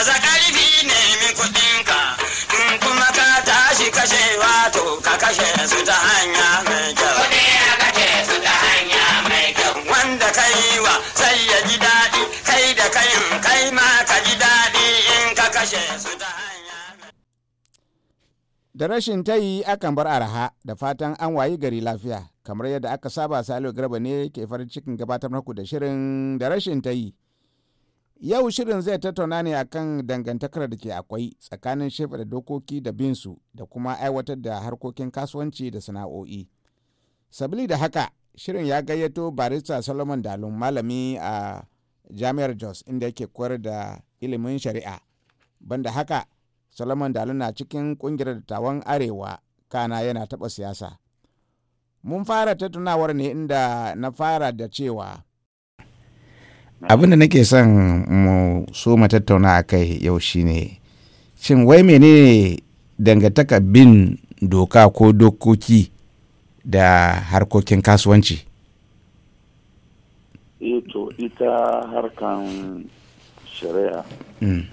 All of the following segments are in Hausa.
baza ƙarfi ne min kuɗinka in kuma ka tashi kashe wato ka kashe su ta hanya mai kyau. kashe su ta hanya mai kyau. Wanda ka yi wa sai ya ji daɗi kai da kayin kai ma ka ji daɗi in ka kashe su ta hanya Da rashin tayi akan bar araha da fatan an wayi gari lafiya kamar yadda aka saba Salo Garba ne ke farin cikin gabatar muku da shirin da rashin tayi. Yau shirin zai tattauna ne akan dangantakar da ke akwai tsakanin da dokoki da binsu da kuma aiwatar da harkokin kasuwanci da sana'o'i. Sabili da haka, shirin ya gayyato barista Solomon Dalun malami a Jami'ar Jos inda yake koyar da ilimin shari'a. Banda haka, Solomon Dalun na cikin kungiyar dattawan Arewa kana yana taɓa siyasa. Mun fara tattaunawar ne inda na fara da cewa. abin da nake son mu so mu tattauna a kai yau shine shin wai menene dangantaka bin doka ko dokoki da harkokin kasuwanci eh to ita harkan shari'a mm.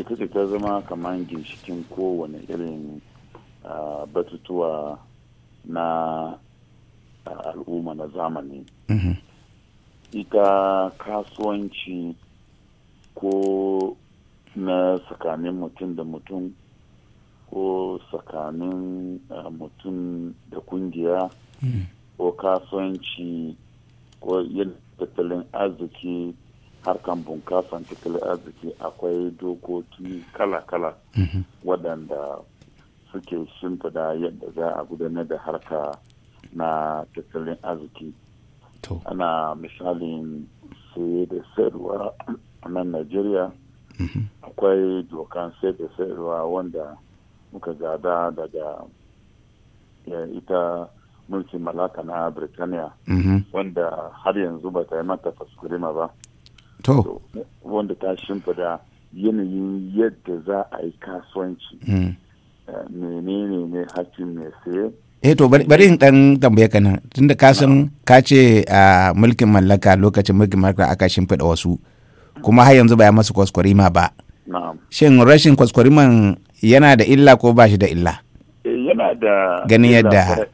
ita ce ta zama kamar ginshikin kowane irin batutuwa na al'umma na zamani mm-hmm. ita kasuwanci ko na tsakanin mutum da mutum ko tsakanin eh, mutum da kungiya hmm. ko kasuwanci ko yin tattalin arziki harkan bunkasan tattalin arziki akwai dokoki kala-kala hmm. waɗanda suke shimfida yadda za a gudanar da harka na tattalin arziki ana misalin sai da sayarwa a nan najeriya mhm. akwai dokan sai da sayarwa wanda muka gada daga eh, ita mulkin malaka na birtaniya mhm. wanda har yanzu ba ta yi mata faskurima ba to wanda ta shimfida yanayin yadda za a yi kasuwanci mhm. eh, menene ne hakkin mai saye eh to bari in dan tambaye ka nan tunda ka san ka ce a mulkin mallaka lokacin mulkin mallaka aka shimfiɗa wasu kuma har yanzu ba ya masu kwaskwarima ba shin rashin kwaskwariman yana da illa ko ba shi da illa eh, yana da gani yadda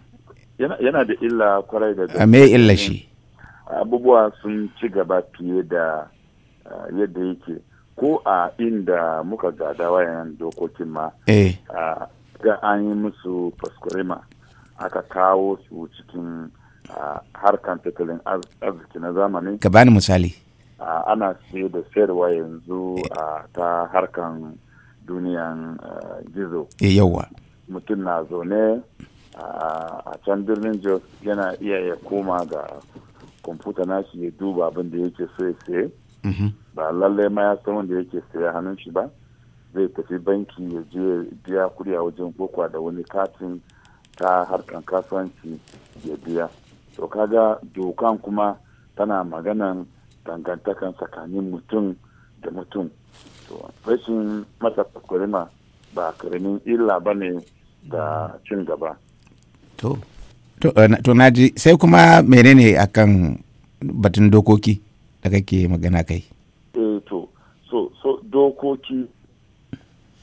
yana da illa kwarai da gaske me illa shi abubuwa sun ci gaba fiye da yadda yake ko a inda muka gada wayan dokokin ma eh. ga an yi musu kwaskwarima aka kawo su cikin harkan tattalin arziki na zamani ka bani misali ana sayar da sayarwa yanzu ta harkan duniyan gizo eh, yauwa. mutum na zaune a can birnin jos yana iya ya koma ga kwamfuta nashi ya duba abin da yake so ya saye mhm. ba lallai ma ya san wanda yake saya hannun shi ba zai tafi banki ya je biya kuɗi a wajen kokwa da wani katin ta harkan kasuwanci ya biya to kaga dokan kuma tana maganan dangantakan tsakanin mutum da mutum to rashin mata kurima ba karamin illa ba ne da cin gaba to to eh, na naji sai kuma menene akan batun dokoki da kake magana kai e to so so dokoki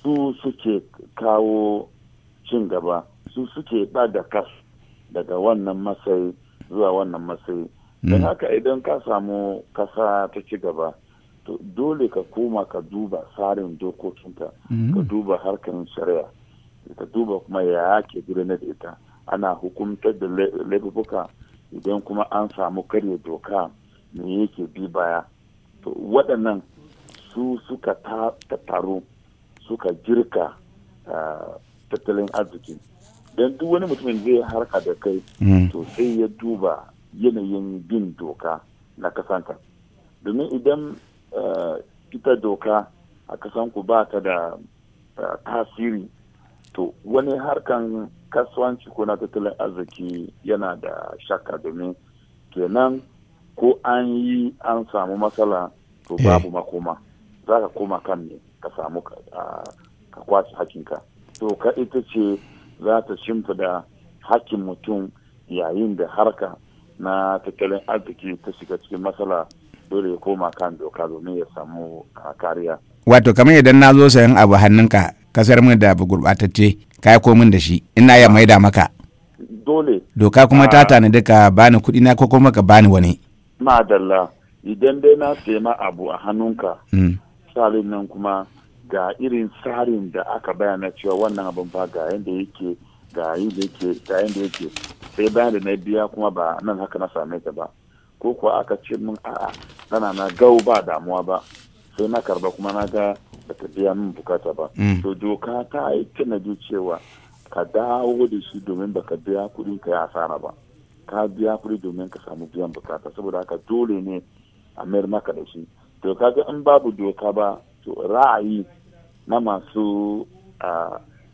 su suke kawo cin gaba su suke da kas daga wannan masai zuwa wannan masai don hmm. haka idan ka samu kasa ta ci gaba dole ka koma ka duba tsarin dokokinta hmm. ka duba harkar shari'a ka duba kuma ya yake gudanar da ita ana hukumtar da laifuka idan kuma an samu karya doka me yake bi baya to waɗannan su suka ta taru suka jirka ah, tattalin arzikin don duk wani mutumin zai harka da kai mm. to sai ya duba yanayin bin doka na kasanka domin idan eh, ita doka a kasanku ba ta da eh, tasiri to wani harkan kasuwanci ko na tattalin arziki yana da shakka domin kenan ko an yi an samu matsala to eh. babu makoma za ka koma kan ne ka samu ka ah, kwace hakinka doka ita ce za ta da hakkin mutum yayin da harka na tattalin arziki ta shiga cikin matsala dole ya koma kan doka domin ya samu kariya. Wato kamar idan na zo sayan abu hannunka kasar min da gurɓatacce ka yi komin da shi ina ya maida maka. Dole. Doka kuma ta tanadi ka bani kuɗi na ko kuma ka bani wani. Madalla idan dai na sayi abu a hannunka. Hmm. Salin nan kuma ga irin tsarin da aka bayana cewa wannan abin fa ga yadda yake ga yadda yake ga yadda yake sai bayan da na biya kuma ba nan haka na same ta ba ko kuwa aka ce min a'a tana na gau ba damuwa ba sai na karba kuma na ga ta biya min bukata ba mm. to doka ta yi ji cewa ka dawo da shi domin baka biya kuɗi ka yi asara ba ka biya kuɗi domin ka samu biyan bukata saboda haka dole ne a mayar maka da shi to kaga in babu doka ba to ra'ayi na masu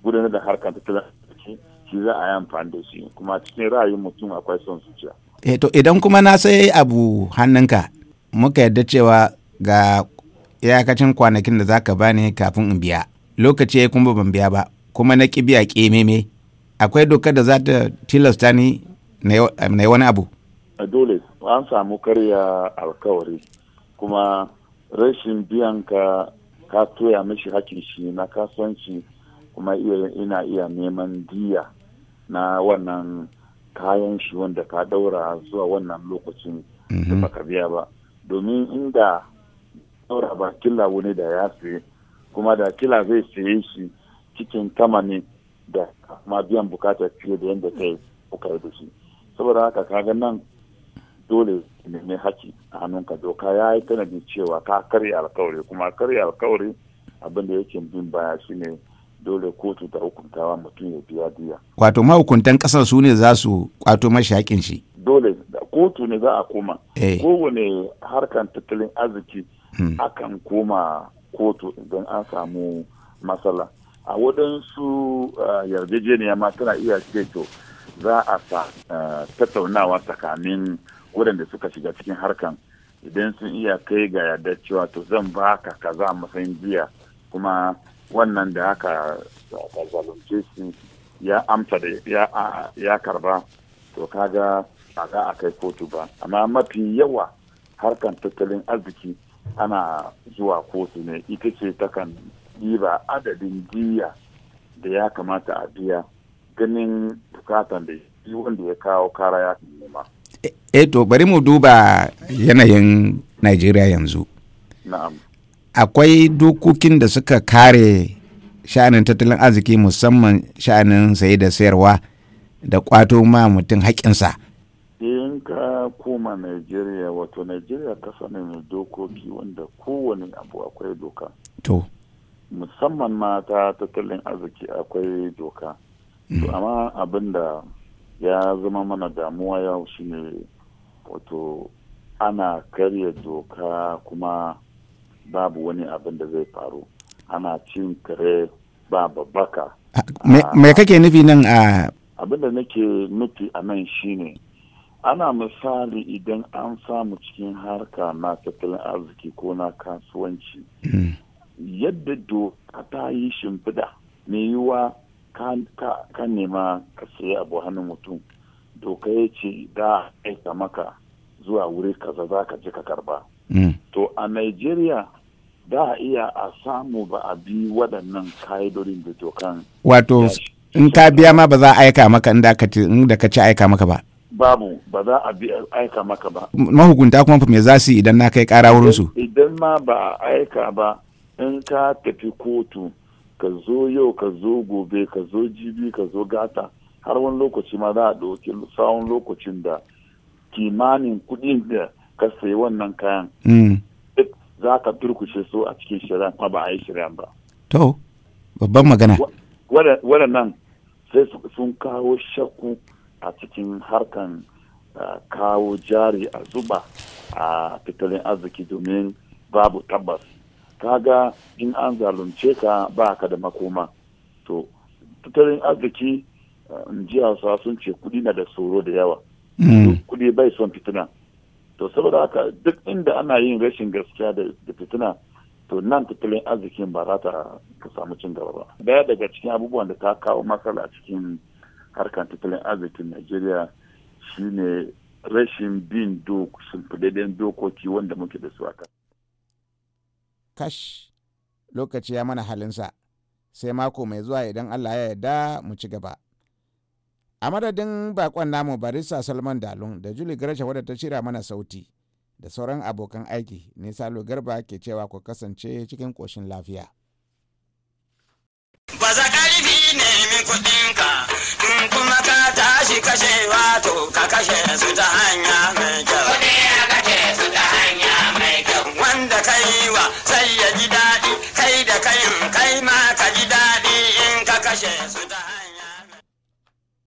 gudanar da harkar tattalin arziki shi za a yi amfani da shi kuma cikin ra'ayin mutum akwai son zuciya. Eh, to idan kuma na sai abu hannunka muka yarda cewa ga iyakacin kwanakin da za ka bani kafin in biya lokaci ya kuma ban biya ba kuma na ƙi biya ƙememe akwai dokar da za ta tilasta ni na wani abu. dole an samu karya alkawari kuma rashin biyan ka ka toya mishi hakin shi na kasuwanci kuma ina iya neman diya na wannan kayan shi wanda ka daura zuwa wannan lokacin da mhm. baka biya ba domin inda daura ba killa wani da ya fi kuma da kila zai siye shi cikin tamani da ma biyan bukatar fiye da yadda kai kuka yi da shi saboda haka kaga nan dole nemi haki a hannunka doka ya yi tanadi cewa ka karya alkawari kuma karya alkawari abin da yake bin baya shine dole kotu ta hukuntawa mutum ya biya diya. Wato mahukuntan ƙasar su ne za su kwato mashi haƙin shi. Dole kotu ne za a koma. Eh. Kowane harkan tattalin arziki hmm. akan koma kotu idan an samu matsala. A waɗansu yarjejeniya ma tana iya ce to za a sa tattaunawa tsakanin waɗanda suka shiga cikin harkan idan sun iya kai ga yarda cewa to zan ba ka kaza matsayin jiya kuma wannan da aka zalunce shi ya amsa da ya karba to kaga ba za a kai kotu ba amma mafi yawa harkan tattalin arziki ana zuwa kotu ne ita ce takan ɗiba adadin jiya da ya kamata a biya ganin bukatan da yi wanda ya kawo kara ya nema. eh to bari mu duba yanayin najeriya yanzu akwai dokokin da suka kare sha'anin tattalin arziki musamman sha'anin saye da sayarwa da kwato ma mutum haƙinsa in ka koma najeriya wato najeriya kasa ne mai dokoki wanda kowane abu akwai doka to musamman ma ta tattalin arziki akwai doka to mm. amma abin da ya zama mana damuwa yau shine wato ana karya doka kuma babu wani abin da zai faru ana cin kare ba babbaka ah, mai ah, kake nufi nan a abin da nake nufi a nan shine ana misali idan an samu cikin harka na tattalin arziki ko na kasuwanci hmm. yadda doka ta yi shimfida mai yiwuwa ka nema ka sayi abu hannun mutum doka ya ce da aika maka zuwa wuri kaza za ka je ka karba mm. to a nigeria da iya a samu ba a bi waɗannan ka'idodin da dokan wato in ka biya ma ba za a aika maka inda ka ci aika maka ba babu ba za a bi aika maka ba mahukunta kuma me za su idan na kai kara wurinsu? idan ma ba a aika ba in ka tafi kotu ka zo yau ka zo gobe ka zo jibi ka zo gata har wani lokaci ma za a ɗauki tsawon lokacin da kimanin kuɗin da ka sayi wannan kayan hmm. duk za ka turkushe su a cikin shirya kuma ba a yi shari'a ba. To, babban magana. Waɗannan sai sun kawo shakku a cikin harkan kawo jari a zuba a fitalin arziki domin babu tabbas. ga in an zalunce ka ba ka da makoma. To, tattalin arziki jiya sa sun ce kudi na da tsoro da yawa mm. kudi bai son fitina to saboda haka duk inda ana yin rashin gaskiya da fitina to nan tattalin arzikin ba za ta samu cin gaba ba daya daga cikin abubuwan da ta kawo matsala a cikin harkar tattalin arzikin najeriya shine rashin bin shimfidaden dokoki wanda muke da su a kash lokaci ya mana halinsa sai mako mai zuwa idan allah ya yarda mu ci gaba a madadin bakon namu barista salman dalun da julie garsha wadda ta shirya mana sauti da sauran abokan aiki ne salo garba ke cewa ku kasance cikin koshin lafiya. Baza ƙarfi ne min kuɗinka